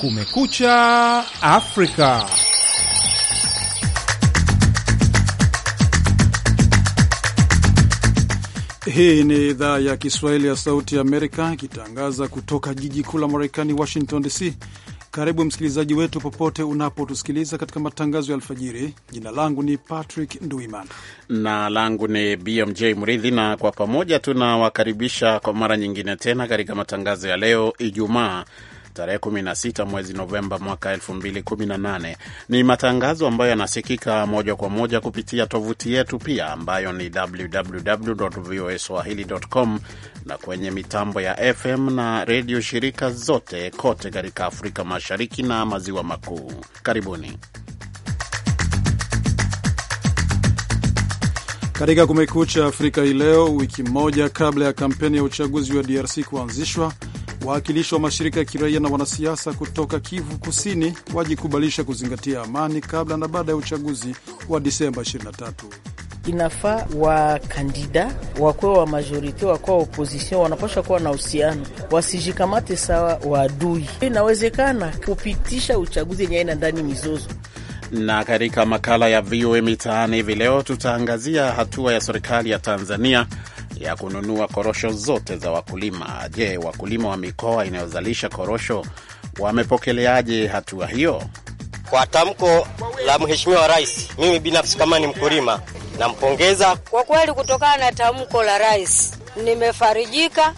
Kumekucha Afrika. Hii ni idhaa ya Kiswahili ya Sauti ya Amerika ikitangaza kutoka jiji kuu la Marekani, Washington DC. Karibu msikilizaji wetu popote unapotusikiliza katika matangazo ya alfajiri. Jina langu ni Patrick Nduiman na langu ni BMJ Mridhi, na kwa pamoja tunawakaribisha kwa mara nyingine tena katika matangazo ya leo Ijumaa tarehe 16 mwezi Novemba mwaka 2018. Ni matangazo ambayo yanasikika moja kwa moja kupitia tovuti yetu pia ambayo ni www.voaswahili.com na kwenye mitambo ya FM na redio shirika zote kote katika Afrika Mashariki na Maziwa Makuu. Karibuni. Katika Kumekucha Afrika hii leo, wiki moja kabla ya kampeni ya uchaguzi wa DRC kuanzishwa, Wawakilishi wa mashirika ya kiraia na wanasiasa kutoka Kivu Kusini wajikubalisha kuzingatia amani kabla na baada ya uchaguzi wa Disemba 23. Inafaa wakandida wakuwa wa majorite wakuwa opozisio wanapasha kuwa na uhusiano, wasijikamate sawa waadui. Inawezekana kupitisha uchaguzi yenye aina ndani mizozo na katika makala ya VOA Mitaani hivi leo tutaangazia hatua ya serikali ya Tanzania ya kununua korosho zote za wakulima. Je, wakulima wa mikoa inayozalisha korosho wamepokeleaje hatua hiyo? Kwa tamko la Mheshimiwa Rais, mimi binafsi kama ni mkulima nampongeza kwa kweli. Kutokana na tamko la rais, nimefarijika.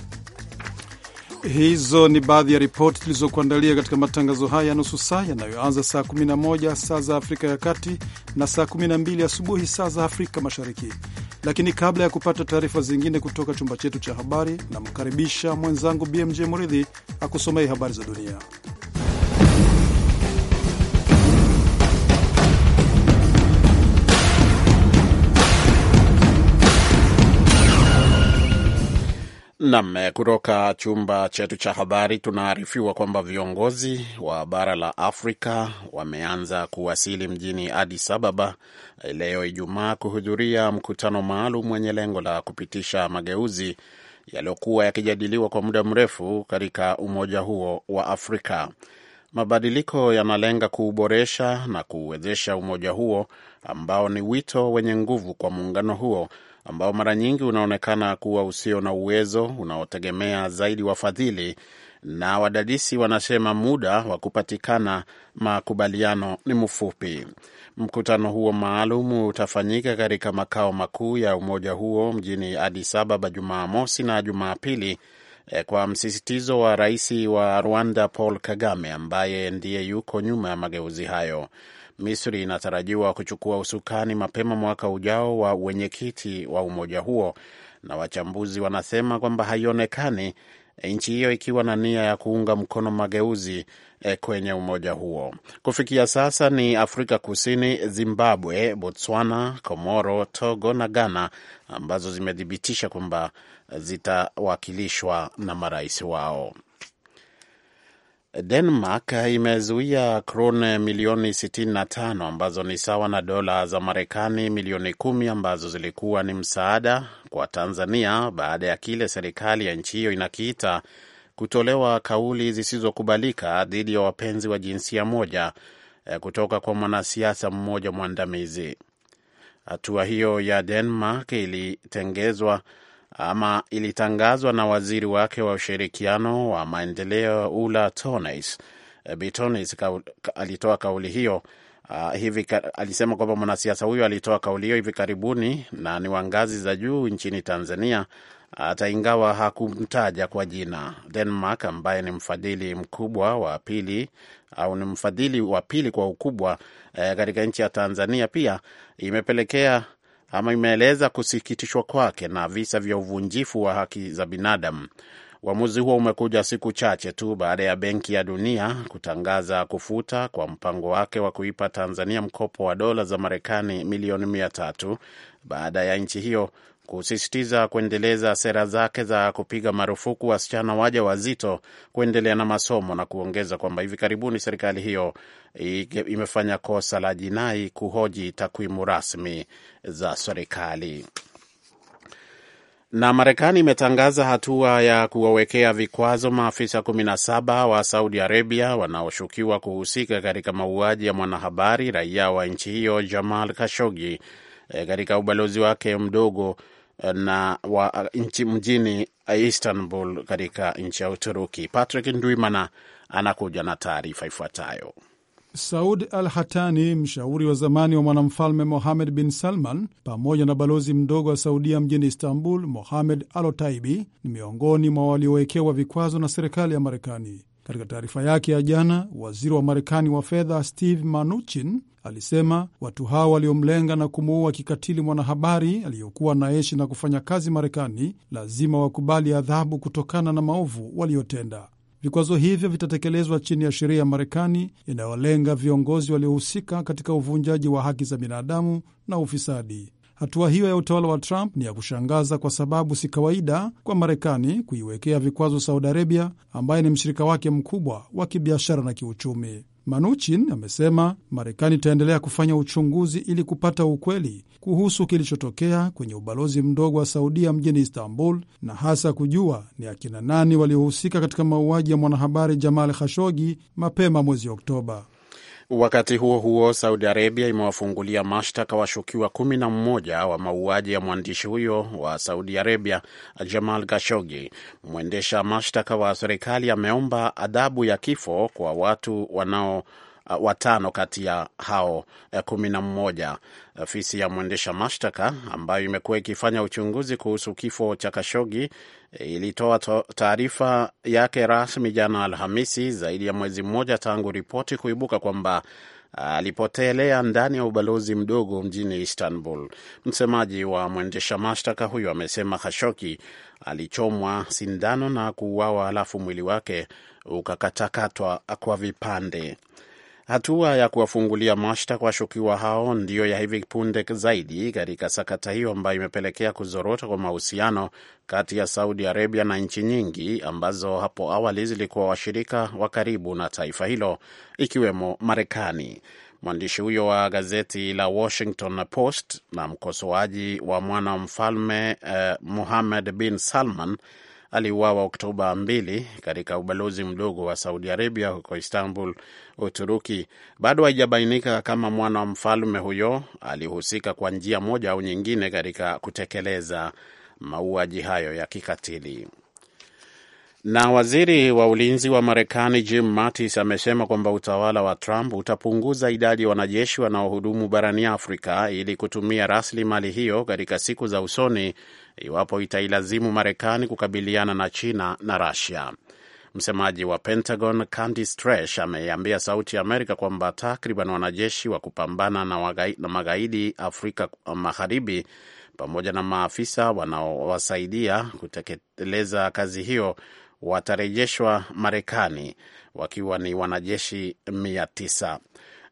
Hizo ni baadhi ya ripoti tulizokuandalia katika matangazo haya ya nusu saa yanayoanza saa 11 saa za Afrika ya Kati na saa 12 asubuhi saa za Afrika Mashariki. Lakini kabla ya kupata taarifa zingine kutoka chumba chetu cha habari, namkaribisha mwenzangu BMJ Muridhi akusomei habari za dunia. Nam, kutoka chumba chetu cha habari tunaarifiwa kwamba viongozi wa bara la Afrika wameanza kuwasili mjini Addis Ababa leo Ijumaa kuhudhuria mkutano maalum wenye lengo la kupitisha mageuzi yaliyokuwa yakijadiliwa kwa muda mrefu katika umoja huo wa Afrika. Mabadiliko yanalenga kuuboresha na kuuwezesha umoja huo ambao ni wito wenye nguvu kwa muungano huo ambao mara nyingi unaonekana kuwa usio na uwezo, unaotegemea zaidi wafadhili, na wadadisi wanasema muda wa kupatikana makubaliano ni mfupi. Mkutano huo maalum utafanyika katika makao makuu ya umoja huo mjini Addis Ababa Jumamosi na Jumapili e, kwa msisitizo wa rais wa Rwanda Paul Kagame ambaye ndiye yuko nyuma ya mageuzi hayo. Misri inatarajiwa kuchukua usukani mapema mwaka ujao wa wenyekiti wa umoja huo, na wachambuzi wanasema kwamba haionekani nchi hiyo ikiwa na nia ya kuunga mkono mageuzi eh, kwenye umoja huo. Kufikia sasa ni Afrika Kusini, Zimbabwe, Botswana, Komoro, Togo na Ghana ambazo zimethibitisha kwamba zitawakilishwa na marais wao. Denmark imezuia krone milioni 65 ambazo ni sawa na dola za Marekani milioni kumi ambazo zilikuwa ni msaada kwa Tanzania baada ya kile serikali ya nchi hiyo inakiita kutolewa kauli zisizokubalika dhidi ya wapenzi wa jinsia moja eh, kutoka kwa mwanasiasa mmoja mwandamizi. Hatua hiyo ya Denmark ilitengezwa ama ilitangazwa na waziri wake wa ushirikiano wa maendeleo Ula Tones. Eh, Bitones alitoa kauli hiyo Uh, hivi alisema kwamba mwanasiasa huyo alitoa kauli hiyo hivi karibuni na ni wa ngazi za juu nchini Tanzania, hata ingawa hakumtaja kwa jina. Denmark ambaye ni mfadhili mkubwa wa pili au ni mfadhili wa pili kwa ukubwa eh, katika nchi ya Tanzania pia imepelekea ama imeeleza kusikitishwa kwake na visa vya uvunjifu wa haki za binadamu. Uamuzi huo umekuja siku chache tu baada ya Benki ya Dunia kutangaza kufuta kwa mpango wake wa kuipa Tanzania mkopo wa dola za Marekani milioni mia tatu baada ya nchi hiyo kusisitiza kuendeleza sera zake za kupiga marufuku wasichana waja wazito kuendelea na masomo na kuongeza kwamba hivi karibuni serikali hiyo imefanya kosa la jinai kuhoji takwimu rasmi za serikali. Na Marekani imetangaza hatua ya kuwawekea vikwazo maafisa 17 wa Saudi Arabia wanaoshukiwa kuhusika katika mauaji ya mwanahabari raia wa nchi hiyo Jamal Khashoggi eh, katika ubalozi wake mdogo Eh, na wa eh, nchi mjini eh, Istanbul katika nchi ya Uturuki. Patrick Ndwimana anakuja na taarifa ifuatayo. Saud Al Hatani, mshauri wa zamani wa mwanamfalme Mohamed bin Salman, pamoja na balozi mdogo wa Saudia mjini Istanbul, Mohamed Alotaibi, ni miongoni mwa waliowekewa vikwazo na serikali ya Marekani. Katika taarifa yake ya jana, waziri wa Marekani wa fedha Steve Manuchin alisema watu hao waliomlenga na kumuua kikatili mwanahabari aliyokuwa anaishi na kufanya kazi Marekani lazima wakubali adhabu kutokana na maovu waliotenda. Vikwazo hivyo vitatekelezwa chini ya sheria ya Marekani inayolenga viongozi waliohusika katika uvunjaji wa haki za binadamu na ufisadi. Hatua hiyo ya utawala wa Trump ni ya kushangaza kwa sababu si kawaida kwa Marekani kuiwekea vikwazo Saudi Arabia, ambaye ni mshirika wake mkubwa wa kibiashara na kiuchumi manuchin amesema Marekani itaendelea kufanya uchunguzi ili kupata ukweli kuhusu kilichotokea kwenye ubalozi mdogo wa Saudia mjini Istanbul na hasa kujua ni akina nani waliohusika katika mauaji ya mwanahabari Jamal Khashoggi mapema mwezi Oktoba. Wakati huo huo, Saudi Arabia imewafungulia mashtaka washukiwa kumi na mmoja wa mauaji ya mwandishi huyo wa Saudi Arabia Jamal Khashoggi. Mwendesha mashtaka wa serikali ameomba adhabu ya kifo kwa watu wanao uh, watano kati ya hao uh, kumi na mmoja. Uh, ofisi ya mwendesha mashtaka ambayo imekuwa ikifanya uchunguzi kuhusu kifo cha Kashogi uh, ilitoa taarifa yake rasmi jana Alhamisi, zaidi ya mwezi mmoja tangu ripoti kuibuka kwamba uh, alipotelea ndani ya ubalozi mdogo mjini Istanbul. Msemaji wa mwendesha mashtaka huyo amesema Khashoki alichomwa sindano na kuuawa, alafu mwili wake ukakatakatwa kwa vipande. Hatua ya kuwafungulia mashtaka washukiwa hao ndiyo ya hivi punde zaidi katika sakata hiyo ambayo imepelekea kuzorota kwa mahusiano kati ya Saudi Arabia na nchi nyingi ambazo hapo awali zilikuwa washirika wa karibu na taifa hilo ikiwemo Marekani. Mwandishi huyo wa gazeti la Washington Post na mkosoaji wa mwana mfalme eh, Mohammed bin Salman aliuawa Oktoba 2 katika ubalozi mdogo wa Saudi Arabia huko Istanbul, Uturuki. Bado haijabainika kama mwana wa mfalme huyo alihusika kwa njia moja au nyingine katika kutekeleza mauaji hayo ya kikatili. Na waziri wa ulinzi wa Marekani Jim Mattis amesema kwamba utawala wa Trump utapunguza idadi ya wanajeshi wanaohudumu barani Afrika ili kutumia rasilimali hiyo katika siku za usoni iwapo itailazimu Marekani kukabiliana na China na Rusia. Msemaji wa Pentagon Candice Stresh ameiambia Sauti ya Amerika kwamba takriban wanajeshi wa kupambana na magaidi Afrika Magharibi pamoja na maafisa wanaowasaidia kutekeleza kazi hiyo watarejeshwa Marekani wakiwa ni wanajeshi mia tisa.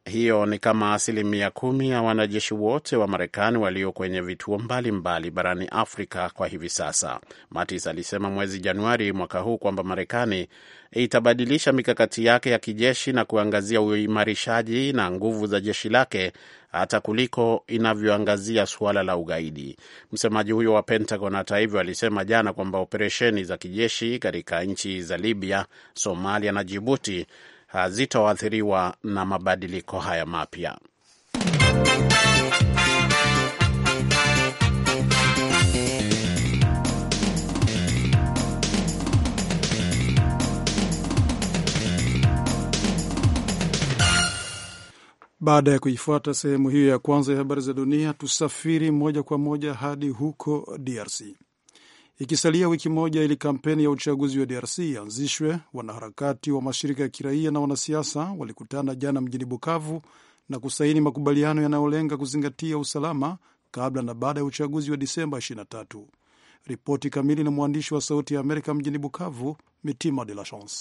Hiyo ni kama asilimia kumi ya wanajeshi wote wa Marekani walio kwenye vituo mbalimbali mbali barani Afrika kwa hivi sasa. Mattis alisema mwezi Januari mwaka huu kwamba Marekani itabadilisha mikakati yake ya kijeshi na kuangazia uimarishaji na nguvu za jeshi lake hata kuliko inavyoangazia suala la ugaidi. Msemaji huyo wa Pentagon hata hivyo alisema jana kwamba operesheni za kijeshi katika nchi za Libya, Somalia na Jibuti hazitoathiriwa na mabadiliko haya mapya. Baada ya kuifuata sehemu hiyo ya kwanza ya habari za dunia, tusafiri moja kwa moja hadi huko DRC. Ikisalia wiki moja ili kampeni ya uchaguzi wa DRC ianzishwe, wanaharakati wa mashirika ya kiraia na wanasiasa walikutana jana mjini Bukavu na kusaini makubaliano yanayolenga kuzingatia usalama kabla na baada ya uchaguzi wa Disemba 23. Ripoti kamili na mwandishi wa Sauti ya Amerika mjini Bukavu, Mitima de la Chance.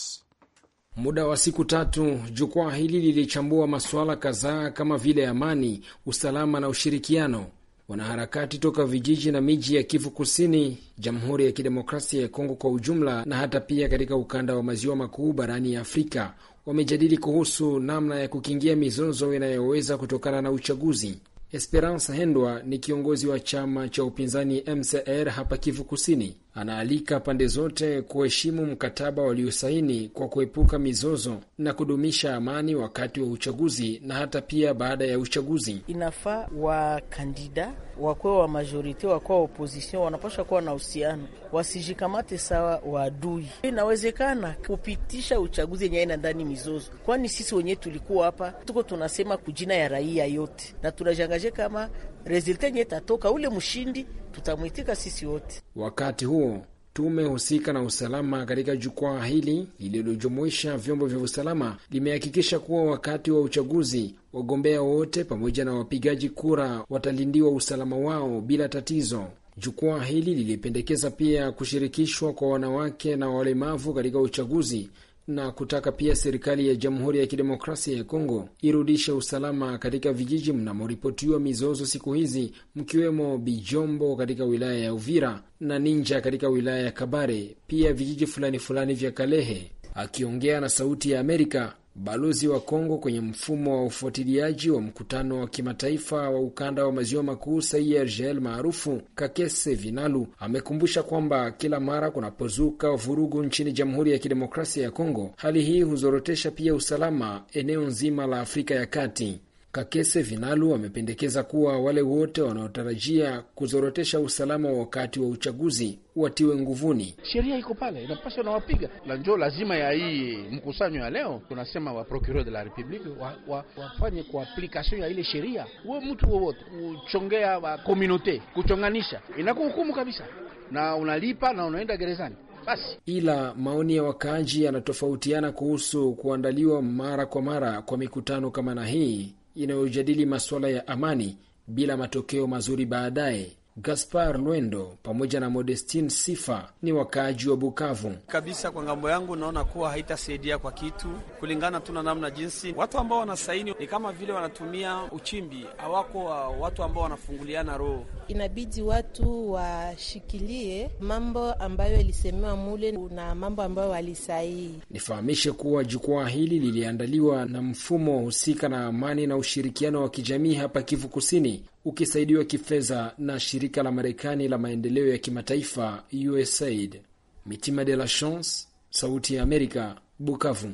Muda wa siku tatu, jukwaa hili lilichambua masuala kadhaa kama vile amani, usalama na ushirikiano. Wanaharakati toka vijiji na miji ya Kivu Kusini, Jamhuri ya Kidemokrasia ya Kongo kwa ujumla, na hata pia katika ukanda wa maziwa makuu barani ya Afrika wamejadili kuhusu namna ya kukingia mizozo inayoweza kutokana na uchaguzi. Esperance Hendwa ni kiongozi wa chama cha upinzani MCR hapa Kivu Kusini anaalika pande zote kuheshimu mkataba waliosaini kwa kuepuka mizozo na kudumisha amani wakati wa uchaguzi na hata pia baada ya uchaguzi. Inafaa wakandida wakwe wa majorite wakwe wa opposision wanapasha kuwa na uhusiano, wasijikamate sawa waadui. Inawezekana kupitisha uchaguzi yenye aina ndani mizozo, kwani sisi wenyewe tulikuwa hapa tuko tunasema kujina ya raia yote na tunajangaje kama resulta yenye tatoka ule mshindi tutamwitika sisi wote. Wakati huo tume husika na usalama katika jukwaa hili lililojumuisha vyombo vya usalama limehakikisha kuwa wakati wa uchaguzi wagombea wote pamoja na wapigaji kura watalindiwa usalama wao bila tatizo. Jukwaa hili lilipendekeza pia kushirikishwa kwa wanawake na walemavu katika uchaguzi na kutaka pia serikali ya Jamhuri ya Kidemokrasia ya Kongo irudishe usalama katika vijiji mnamoripotiwa mizozo siku hizi, mkiwemo Bijombo katika wilaya ya Uvira na Ninja katika wilaya ya Kabare, pia vijiji fulani fulani vya Kalehe. Akiongea na Sauti ya Amerika, balozi wa Kongo kwenye mfumo wa ufuatiliaji wa mkutano wa kimataifa wa ukanda wa maziwa makuu CIRGL maarufu Kakese Vinalu amekumbusha kwamba kila mara kunapozuka vurugu nchini Jamhuri ya Kidemokrasia ya Kongo, hali hii huzorotesha pia usalama eneo nzima la Afrika ya Kati. Kakese Vinalu wamependekeza kuwa wale wote wanaotarajia kuzorotesha usalama wakati wa uchaguzi watiwe nguvuni. Sheria iko pale, inapaswa nawapiga na njo lazima ya hii mkusanyo ya leo tunasema wa procureur de la republique wa, wafanye kwa application ya ile sheria. Uwe mtu wowote kuchongea wa komunote kuchonganisha inakuhukumu kabisa, na unalipa na unaenda gerezani. Basi. Ila maoni ya wakaaji yanatofautiana kuhusu kuandaliwa mara kwa mara kwa mikutano kama na hii inayojadili masuala ya amani bila matokeo mazuri baadaye Gaspar lwendo pamoja na Modestin Sifa ni wakaaji wa Bukavu. Kabisa kwa ngambo yangu, naona kuwa haitasaidia kwa kitu, kulingana tu na namna jinsi watu ambao wanasaini ni kama vile wanatumia uchimbi, hawako watu ambao wanafunguliana roho. Inabidi watu washikilie mambo ambayo ilisemewa mule na mambo ambayo walisahii Nifahamishe kuwa jukwaa hili liliandaliwa na mfumo husika na amani na ushirikiano wa kijamii hapa Kivu Kusini ukisaidiwa kifedha na shirika la Marekani la maendeleo ya kimataifa USAID. Mitima de la Chance, Sauti ya Amerika, Bukavu.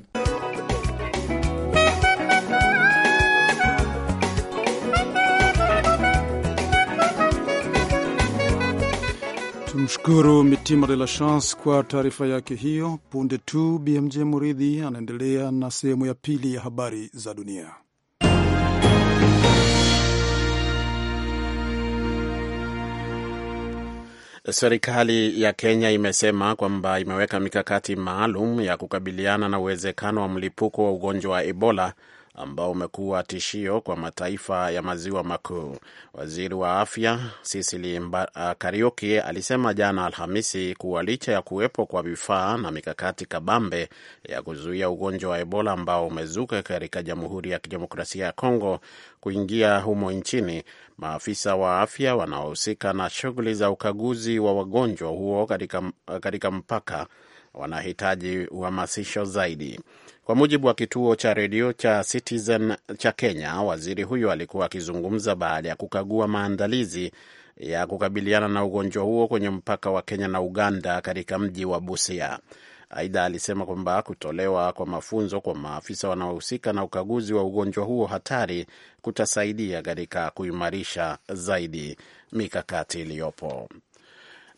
Tumshukuru Mitima de la Chance kwa taarifa yake hiyo. Punde tu BMJ Muridhi anaendelea na sehemu ya pili ya habari za dunia. Serikali ya Kenya imesema kwamba imeweka mikakati maalum ya kukabiliana na uwezekano wa mlipuko wa ugonjwa wa Ebola ambao umekuwa tishio kwa mataifa ya maziwa makuu. Waziri wa afya sisili uh, Kariuki alisema jana Alhamisi kuwa licha ya kuwepo kwa vifaa na mikakati kabambe ya kuzuia ugonjwa wa Ebola ambao umezuka katika Jamhuri ya Kidemokrasia ya Kongo kuingia humo nchini, maafisa wa afya wanaohusika na shughuli za ukaguzi wa wagonjwa huo katika mpaka wanahitaji uhamasisho zaidi. Kwa mujibu wa kituo cha redio cha Citizen cha Kenya, waziri huyo alikuwa akizungumza baada ya kukagua maandalizi ya kukabiliana na ugonjwa huo kwenye mpaka wa Kenya na Uganda katika mji wa Busia. Aidha, alisema kwamba kutolewa kwa mafunzo kwa maafisa wanaohusika na ukaguzi wa ugonjwa huo hatari kutasaidia katika kuimarisha zaidi mikakati iliyopo.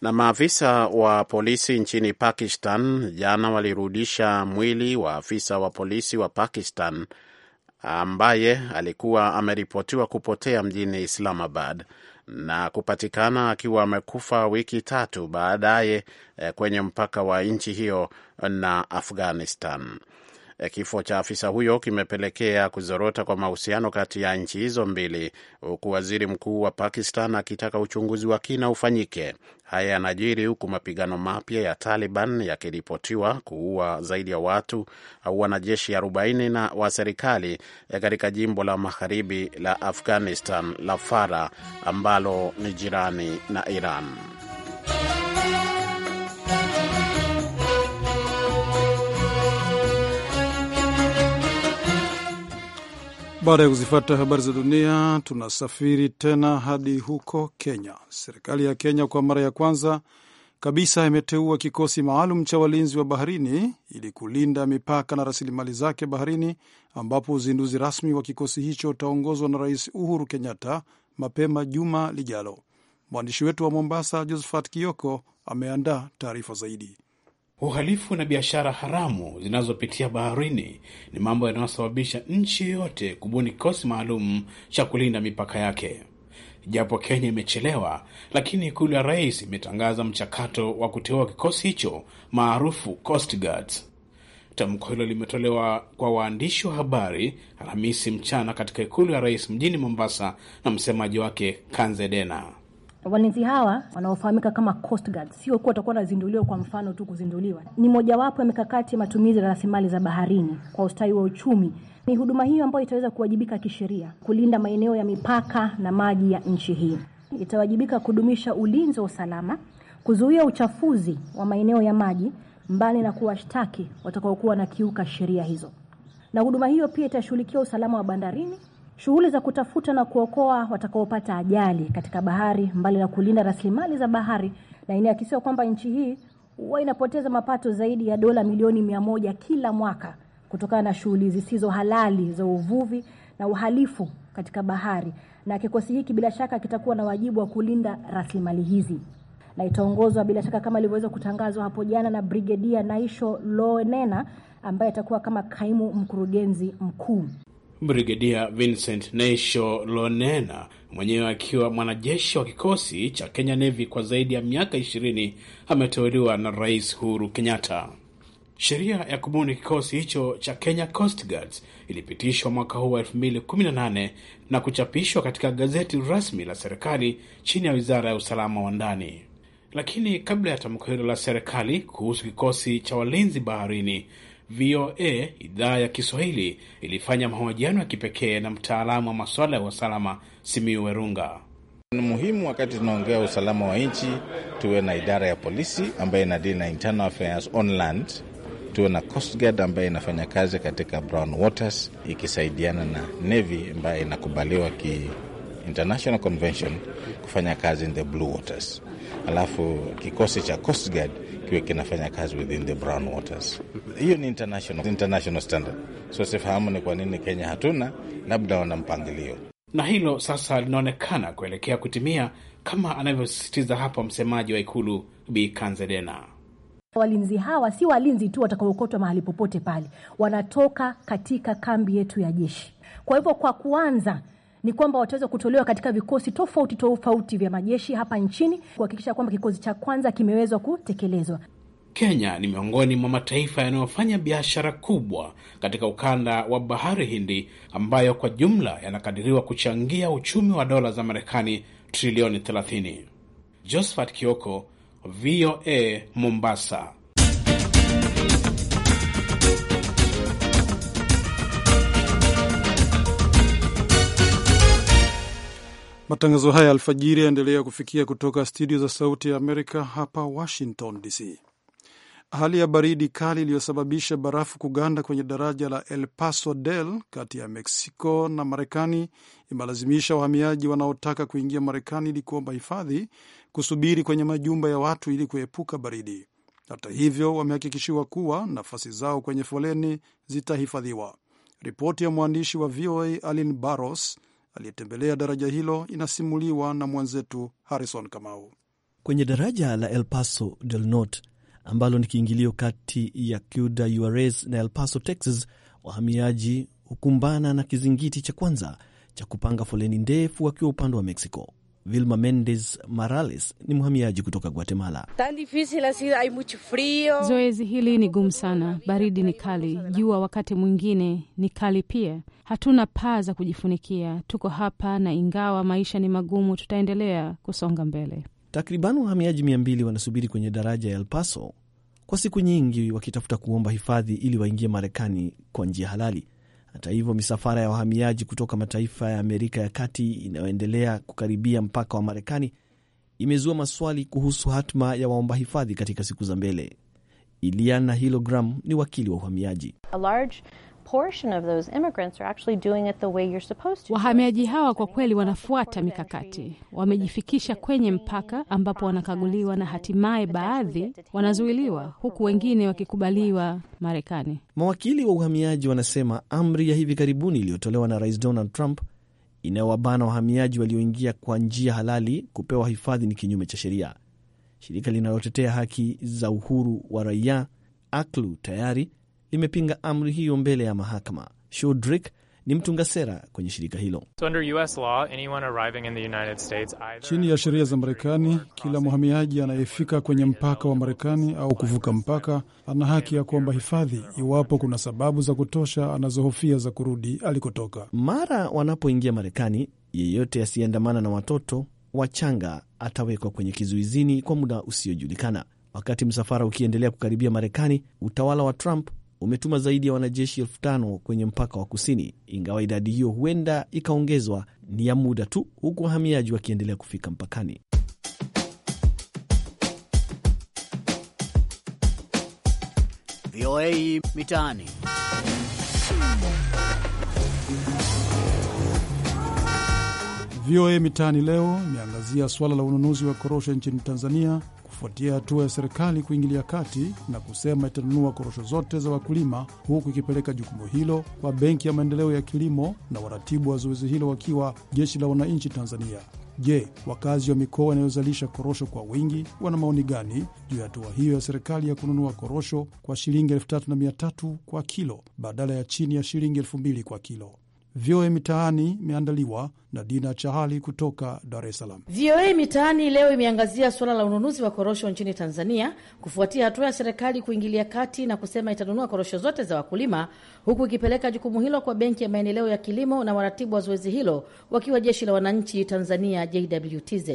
Na maafisa wa polisi nchini Pakistan jana walirudisha mwili wa afisa wa polisi wa Pakistan ambaye alikuwa ameripotiwa kupotea mjini Islamabad na kupatikana akiwa amekufa wiki tatu baadaye eh, kwenye mpaka wa nchi hiyo na Afghanistan. Eh, kifo cha afisa huyo kimepelekea kuzorota kwa mahusiano kati ya nchi hizo mbili, huku waziri mkuu wa Pakistan akitaka uchunguzi wa kina ufanyike. Haya yanajiri huku mapigano mapya ya Taliban yakiripotiwa kuua zaidi ya watu au wanajeshi 40 na wa serikali eh, katika jimbo la magharibi la Afghanistan la Fara ambalo ni jirani na Iran. Baada ya kuzifata habari za dunia, tunasafiri tena hadi huko Kenya. Serikali ya Kenya kwa mara ya kwanza kabisa imeteua kikosi maalum cha walinzi wa baharini ili kulinda mipaka na rasilimali zake baharini, ambapo uzinduzi rasmi wa kikosi hicho utaongozwa na Rais Uhuru Kenyatta mapema juma lijalo. Mwandishi wetu wa Mombasa, Josephat Kioko, ameandaa taarifa zaidi. Uhalifu na biashara haramu zinazopitia baharini ni mambo yanayosababisha nchi yoyote kubuni kikosi maalum cha kulinda mipaka yake. Japo Kenya imechelewa, lakini ikulu ya rais imetangaza mchakato wa kuteua kikosi hicho maarufu Coast Guards. Tamko hilo limetolewa kwa waandishi wa habari Alhamisi mchana katika ikulu ya rais mjini Mombasa na msemaji wake Kanze Dena. Walinzi hawa wanaofahamika kama Coast Guard sio kuwa watakuwa wanazinduliwa kwa mfano tu kuzinduliwa, ni mojawapo ya mikakati ya matumizi ya rasilimali za baharini kwa ustawi wa uchumi. Ni huduma hiyo ambayo itaweza kuwajibika kisheria kulinda maeneo ya mipaka na maji ya nchi hii. Itawajibika kudumisha ulinzi wa usalama, kuzuia uchafuzi wa maeneo ya maji, mbali na kuwashtaki watakaokuwa wanakiuka sheria hizo. Na huduma hiyo pia itashughulikia usalama wa bandarini shughuli za kutafuta na kuokoa watakaopata ajali katika bahari, mbali na kulinda rasilimali za bahari. Na inaakisiwa kwamba nchi hii huwa inapoteza mapato zaidi ya dola milioni mia moja kila mwaka kutokana na shughuli zisizo halali za uvuvi na uhalifu katika bahari, na kikosi hiki bila shaka kitakuwa na wajibu wa kulinda rasilimali hizi na itaongozwa bila shaka kama ilivyoweza kutangazwa hapo jana na Brigedia Naisho Loenena ambaye atakuwa kama kaimu mkurugenzi mkuu. Brigedia Vincent Naisho Lonena mwenyewe akiwa mwanajeshi wa kikosi cha Kenya Navy kwa zaidi ya miaka ishirini ameteuliwa na Rais Uhuru Kenyatta. Sheria ya kubuni kikosi hicho cha Kenya Coast Guards ilipitishwa mwaka huu wa 2018 na kuchapishwa katika gazeti rasmi la serikali chini ya Wizara ya Usalama wa Ndani. Lakini kabla ya tamko hilo la serikali kuhusu kikosi cha walinzi baharini VOA idhaa ya Kiswahili ilifanya mahojiano ya kipekee na mtaalamu wa masuala ya usalama simiu Werunga. Ni muhimu wakati tunaongea usalama wa nchi, tuwe na idara ya polisi ambayo inadili na internal affairs on land, tuwe na coast guard ambayo inafanya kazi katika brown waters ikisaidiana na navy ambayo inakubaliwa ki international convention kufanya kazi in the blue waters alafu kikosi cha Coast Guard kiwe kinafanya kazi within the brown waters. Hiyo ni international, international standard, so sifahamu ni kwa nini Kenya hatuna, labda wana mpangilio na hilo sasa linaonekana kuelekea kutimia, kama anavyosisitiza hapa msemaji wa Ikulu Bi Kanzedena. Walinzi hawa si walinzi tu watakaokotwa mahali popote pale, wanatoka katika kambi yetu ya jeshi. Kwa hivyo kwa kuanza ni kwamba wataweza kutolewa katika vikosi tofauti tofauti vya majeshi hapa nchini kuhakikisha kwamba kikosi cha kwanza kimewezwa kutekelezwa. Kenya ni miongoni mwa mataifa yanayofanya biashara kubwa katika ukanda wa bahari Hindi, ambayo kwa jumla yanakadiriwa kuchangia uchumi wa dola za Marekani trilioni 30. Josephat Kioko, VOA Mombasa. Matangazo haya alfajiri yaendelea kufikia kutoka studio za Sauti ya Amerika hapa Washington DC. Hali ya baridi kali iliyosababisha barafu kuganda kwenye daraja la El Paso Del kati ya Meksiko na Marekani imelazimisha wahamiaji wanaotaka kuingia Marekani ili kuomba hifadhi kusubiri kwenye majumba ya watu ili kuepuka baridi. Hata hivyo, wamehakikishiwa kuwa nafasi zao kwenye foleni zitahifadhiwa. Ripoti ya mwandishi wa VOA Alin Barros aliyetembelea daraja hilo, inasimuliwa na mwenzetu Harrison Kamau. Kwenye daraja la El Paso del Norte ambalo ni kiingilio kati ya Cuda urs na El Paso, Texas, wahamiaji hukumbana na kizingiti cha kwanza cha kupanga foleni ndefu wakiwa upande wa Mexico. Vilma Mendes Morales ni mhamiaji kutoka Guatemala. Zoezi hili ni gumu sana, baridi ni kali, jua wakati mwingine ni kali pia. Hatuna paa za kujifunikia, tuko hapa na ingawa maisha ni magumu, tutaendelea kusonga mbele. Takriban wahamiaji mia mbili wanasubiri kwenye daraja ya El Paso kwa siku nyingi wakitafuta kuomba hifadhi ili waingie Marekani kwa njia halali. Hata hivyo, misafara ya wahamiaji kutoka mataifa ya Amerika ya Kati inayoendelea kukaribia mpaka wa Marekani imezua maswali kuhusu hatma ya waomba hifadhi katika siku za mbele. Iliana Hilogram ni wakili wa uhamiaji. A large Wahamiaji hawa kwa kweli wanafuata mikakati, wamejifikisha kwenye mpaka ambapo wanakaguliwa na hatimaye baadhi wanazuiliwa, huku wengine wakikubaliwa Marekani. Mawakili wa uhamiaji wanasema amri ya hivi karibuni iliyotolewa na Rais Donald Trump inayowabana wahamiaji walioingia kwa njia halali kupewa hifadhi ni kinyume cha sheria. Shirika linalotetea haki za uhuru wa raia ACLU tayari limepinga amri hiyo mbele ya mahakama. Shudrick ni mtunga sera kwenye shirika hilo. So law, States, chini ya sheria za Marekani, kila mhamiaji anayefika kwenye mpaka wa Marekani au kuvuka mpaka ana haki ya kuomba hifadhi iwapo kuna sababu za kutosha anazohofia za kurudi alikotoka. Mara wanapoingia Marekani, yeyote asiyeandamana na watoto wachanga atawekwa kwenye kizuizini kwa muda usiojulikana. Wakati msafara ukiendelea kukaribia Marekani, utawala wa Trump umetuma zaidi ya wanajeshi elfu tano kwenye mpaka wa kusini, ingawa idadi hiyo huenda ikaongezwa, ni ya muda tu, huku wahamiaji wakiendelea kufika mpakani. VOA Mitaani. VOA Mitaani leo imeangazia suala la ununuzi wa korosho nchini Tanzania kufuatia hatua ya serikali kuingilia kati na kusema itanunua korosho zote za wakulima, huku ikipeleka jukumu hilo kwa Benki ya Maendeleo ya Kilimo na waratibu wa zoezi hilo wakiwa Jeshi la Wananchi Tanzania. Je, wakazi wa mikoa inayozalisha korosho kwa wingi wana maoni gani juu ya hatua hiyo ya serikali ya kununua korosho kwa shilingi elfu tatu na mia tatu kwa kilo badala ya chini ya shilingi elfu mbili kwa kilo? VOA Mitaani imeandaliwa na Dina Chahali kutoka Dar es Salaam. VOA Mitaani leo imeangazia suala la ununuzi wa korosho nchini Tanzania kufuatia hatua ya serikali kuingilia kati na kusema itanunua korosho zote za wakulima, huku ikipeleka jukumu hilo kwa Benki ya Maendeleo ya Kilimo na waratibu wa zoezi hilo wakiwa Jeshi la Wananchi Tanzania, JWTZ.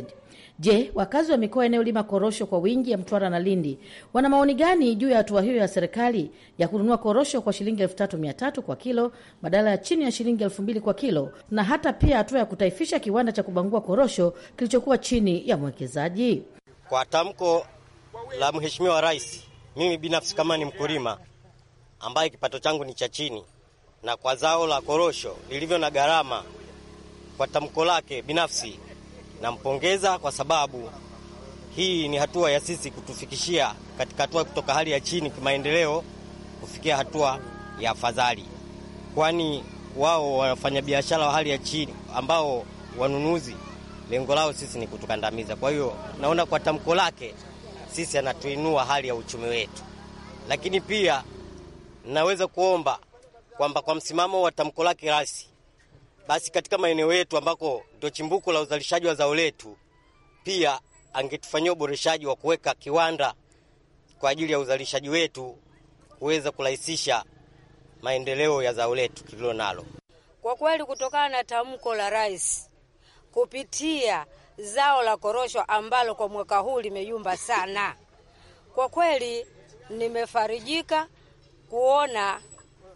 Je, wakazi wa mikoa inayolima korosho kwa wingi ya Mtwara na Lindi wana maoni gani juu ya hatua hiyo ya serikali ya kununua korosho kwa shilingi elfu tatu mia tatu kwa kilo badala ya chini ya shilingi elfu mbili kwa kilo, na hata pia hatua ya kutaifisha kiwanda cha kubangua korosho kilichokuwa chini ya mwekezaji? Kwa tamko la Mheshimiwa Rais, mimi binafsi kama ni mkulima ambaye kipato changu ni cha chini, na kwa zao la korosho lilivyo na gharama, kwa tamko lake binafsi Nampongeza kwa sababu hii ni hatua ya sisi kutufikishia katika hatua kutoka hali ya chini kimaendeleo kufikia hatua ya afadhali, kwani wao wafanyabiashara wa hali ya chini ambao wanunuzi lengo lao sisi ni kutukandamiza. Kwa hiyo naona kwa tamko lake sisi anatuinua hali ya uchumi wetu, lakini pia naweza kuomba kwamba kwa msimamo wa tamko lake rasi basi katika maeneo yetu ambako ndio chimbuko la uzalishaji wa zao letu, pia angetufanyia uboreshaji wa kuweka kiwanda kwa ajili ya uzalishaji wetu kuweza kurahisisha maendeleo ya zao letu tulilo nalo. Kwa kweli, kutokana na tamko la Rais kupitia zao la korosho ambalo kwa mwaka huu limeyumba sana, kwa kweli nimefarijika kuona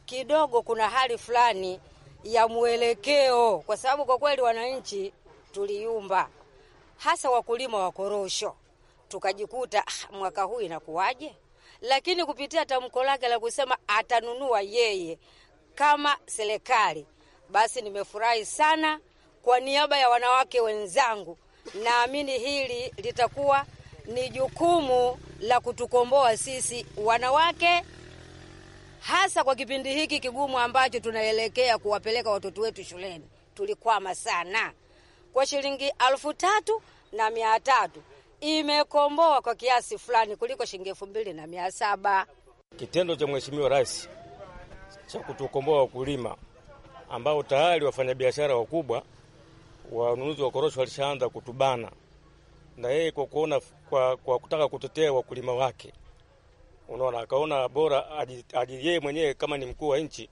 kidogo kuna hali fulani ya mwelekeo, kwa sababu kwa kweli wananchi tuliumba, hasa wakulima wa korosho, tukajikuta ah, mwaka huu inakuwaje? Lakini kupitia tamko lake la kusema atanunua yeye kama serikali, basi nimefurahi sana kwa niaba ya wanawake wenzangu. Naamini hili litakuwa ni jukumu la kutukomboa sisi wanawake hasa kwa kipindi hiki kigumu ambacho tunaelekea kuwapeleka watoto wetu shuleni. Tulikwama sana. Kwa shilingi elfu tatu na mia tatu imekomboa kwa kiasi fulani kuliko shilingi elfu mbili na mia saba. Kitendo cha Mheshimiwa Rais cha kutukomboa wakulima ambao tayari wafanyabiashara wakubwa wanunuzi wa korosho walishaanza kutubana, na yeye kwa kuona kwa, kwa kutaka kutetea wakulima wake Unaona, akaona bora yeye mwenyewe kama ni mkuu wa nchi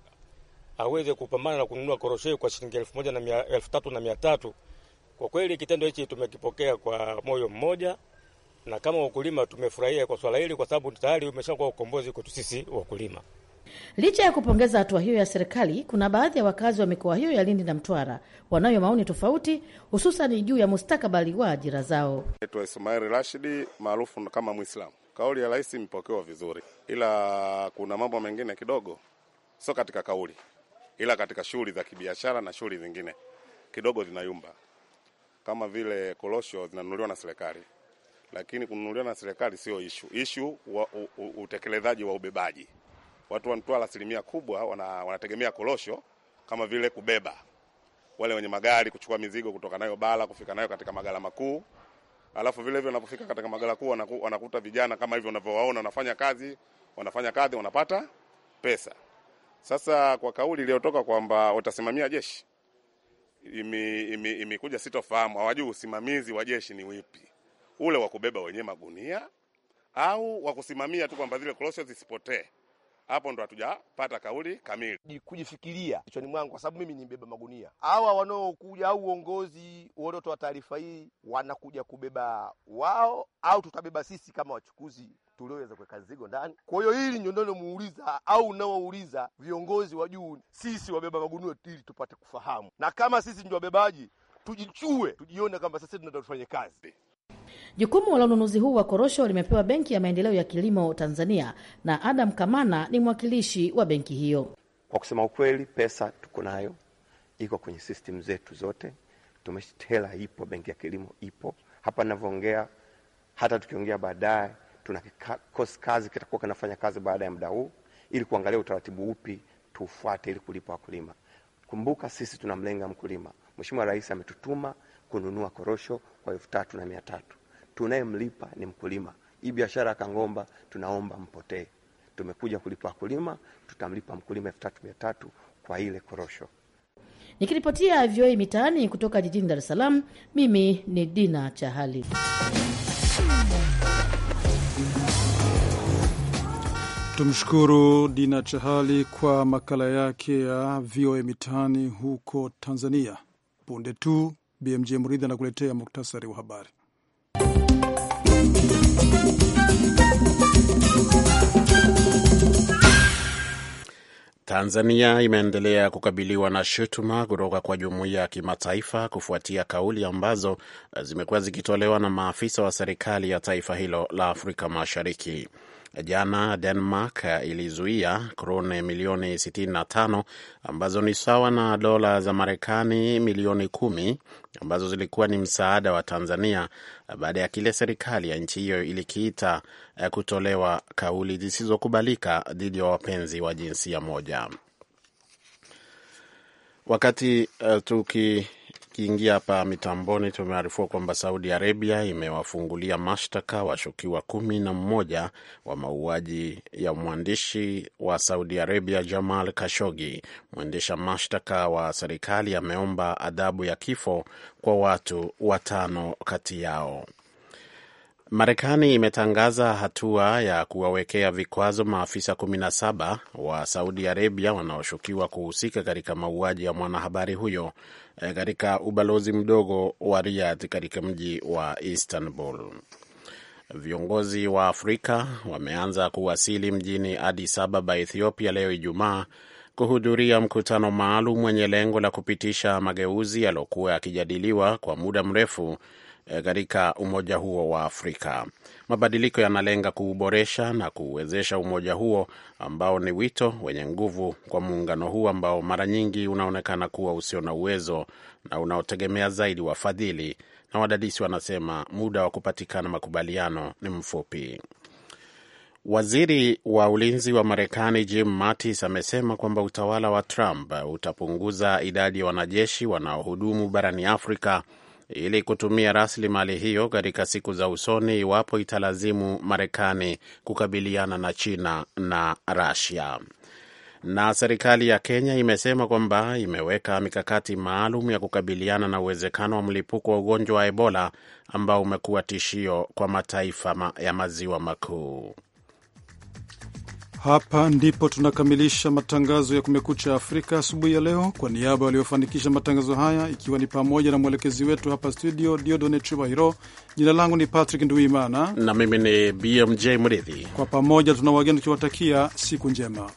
aweze kupambana na kununua korosho kwa shilingi elfu moja na mia, elfu tatu na mia tatu. Kwa kweli kitendo hichi tumekipokea kwa moyo mmoja, na kama wakulima tumefurahia kwa swala hili, kwa sababu tayari umeshakuwa ukombozi kwetu sisi wakulima. Licha ya kupongeza hatua hiyo ya serikali, kuna baadhi ya wakazi wa mikoa hiyo ya Lindi na Mtwara wanayo maoni tofauti, hususan juu ya mustakabali wa ajira zao. Naitwa Ismail Rashidi maarufu kama Mwislamu kauli ya rais imepokewa vizuri, ila kuna mambo mengine kidogo, sio katika kauli, ila katika shughuli za kibiashara na shughuli zingine kidogo zinayumba, kama vile korosho zinanunuliwa na serikali, lakini kununuliwa na serikali sio ishu. Ishu utekelezaji wa ubebaji. Watu wanatoa asilimia kubwa wana, wanategemea korosho kama vile kubeba wale wenye magari kuchukua mizigo kutoka nayo bara kufika nayo katika magala makuu alafu vile vile wanapofika katika magala kuu wanakuta vijana kama hivyo unavyowaona, wanafanya kazi, wanafanya kazi, wanapata pesa. Sasa kwa kauli iliyotoka kwamba utasimamia jeshi imekuja imi, imi sitofahamu. Hawajui usimamizi wa jeshi ni wipi, ule wa kubeba wenyewe magunia au wa kusimamia tu kwamba zile korosho zisipotee hapo ndo hatujapata kauli kamili kujifikiria kichwani mwangu, kwa sababu mimi ni mbeba magunia. Hawa wanaokuja au uongozi waliotoa taarifa hii wanakuja kubeba wao, au tutabeba sisi kama wachukuzi tulioweza kuweka zigo ndani? Kwa hiyo hili ndio ndio muuliza au unaouliza viongozi wa juu, sisi wabeba magunia, ili tupate kufahamu, na kama sisi ndio wabebaji tujichue, tujione kwamba sasa tunataka kazi. Jukumu la ununuzi huu wa korosho limepewa Benki ya Maendeleo ya Kilimo Tanzania, na Adam Kamana ni mwakilishi wa benki hiyo. Kwa kusema ukweli, pesa tuko nayo, iko kwenye system zetu zote, tumeshitela ipo, benki ya kilimo ipo hapa navyoongea, Hata tukiongea baadaye, tuna kikosi kazi kitakuwa kinafanya kazi baada ya muda huu, ili kuangalia utaratibu upi tufuate ili kulipa wakulima. Kumbuka sisi tunamlenga mkulima. Mheshimiwa Rais ametutuma kununua korosho kwa elfu tatu na mia tatu tunayemlipa ni mkulima. Hii biashara ya Kangomba tunaomba mpotee. Tumekuja kulipa wakulima, tutamlipa mkulima elfu tatu mia tatu kwa ile korosho. Nikiripotia voa mitaani kutoka jijini Dar es Salaam, mimi ni Dina Chahali. Tumshukuru Dina Chahali kwa makala yake ya VOA Mitaani huko Tanzania. Punde tu BMJ Mridhi anakuletea muktasari wa habari. Tanzania imeendelea kukabiliwa na shutuma kutoka kwa jumuiya ya kimataifa kufuatia kauli ambazo zimekuwa zikitolewa na maafisa wa serikali ya taifa hilo la Afrika Mashariki. Jana Denmark ilizuia krone milioni 65 ambazo ni sawa na dola za Marekani milioni kumi ambazo zilikuwa ni msaada wa Tanzania baada ya kile serikali ya nchi hiyo ilikiita eh, kutolewa kauli zisizokubalika dhidi ya wapenzi wa jinsia moja. Wakati uh, tuki Tukiingia hapa mitamboni, tumearifua kwamba Saudi Arabia imewafungulia mashtaka washukiwa kumi na mmoja wa mauaji ya mwandishi wa Saudi Arabia Jamal Khashoggi. Mwendesha mashtaka wa serikali ameomba adhabu ya kifo kwa watu watano kati yao. Marekani imetangaza hatua ya kuwawekea vikwazo maafisa 17 wa Saudi Arabia wanaoshukiwa kuhusika katika mauaji ya mwanahabari huyo Eh, katika ubalozi mdogo wa Riyadh katika mji wa Istanbul. Viongozi wa Afrika wameanza kuwasili mjini Addis Ababa, Ethiopia leo Ijumaa kuhudhuria mkutano maalum wenye lengo la kupitisha mageuzi yaliyokuwa yakijadiliwa kwa muda mrefu Eh, katika umoja huo wa Afrika. Mabadiliko yanalenga kuuboresha na kuuwezesha umoja huo ambao ni wito wenye nguvu kwa muungano huu ambao mara nyingi unaonekana kuwa usio na uwezo na unaotegemea zaidi wafadhili, na wadadisi wanasema muda wa kupatikana makubaliano ni mfupi. Waziri wa ulinzi wa Marekani Jim Mattis amesema kwamba utawala wa Trump utapunguza idadi ya wanajeshi wanaohudumu barani Afrika ili kutumia rasilimali hiyo katika siku za usoni iwapo italazimu Marekani kukabiliana na China na rasia Na serikali ya Kenya imesema kwamba imeweka mikakati maalum ya kukabiliana na uwezekano wa mlipuko wa ugonjwa wa Ebola ambao umekuwa tishio kwa mataifa ya maziwa makuu. Hapa ndipo tunakamilisha matangazo ya Kumekucha Afrika asubuhi ya leo. Kwa niaba waliofanikisha matangazo haya, ikiwa ni pamoja na mwelekezi wetu hapa studio Diodone Chubahiro, jina langu ni Patrick Nduimana na mimi ni BMJ Mridhi, kwa pamoja tuna wageni tukiwatakia siku njema.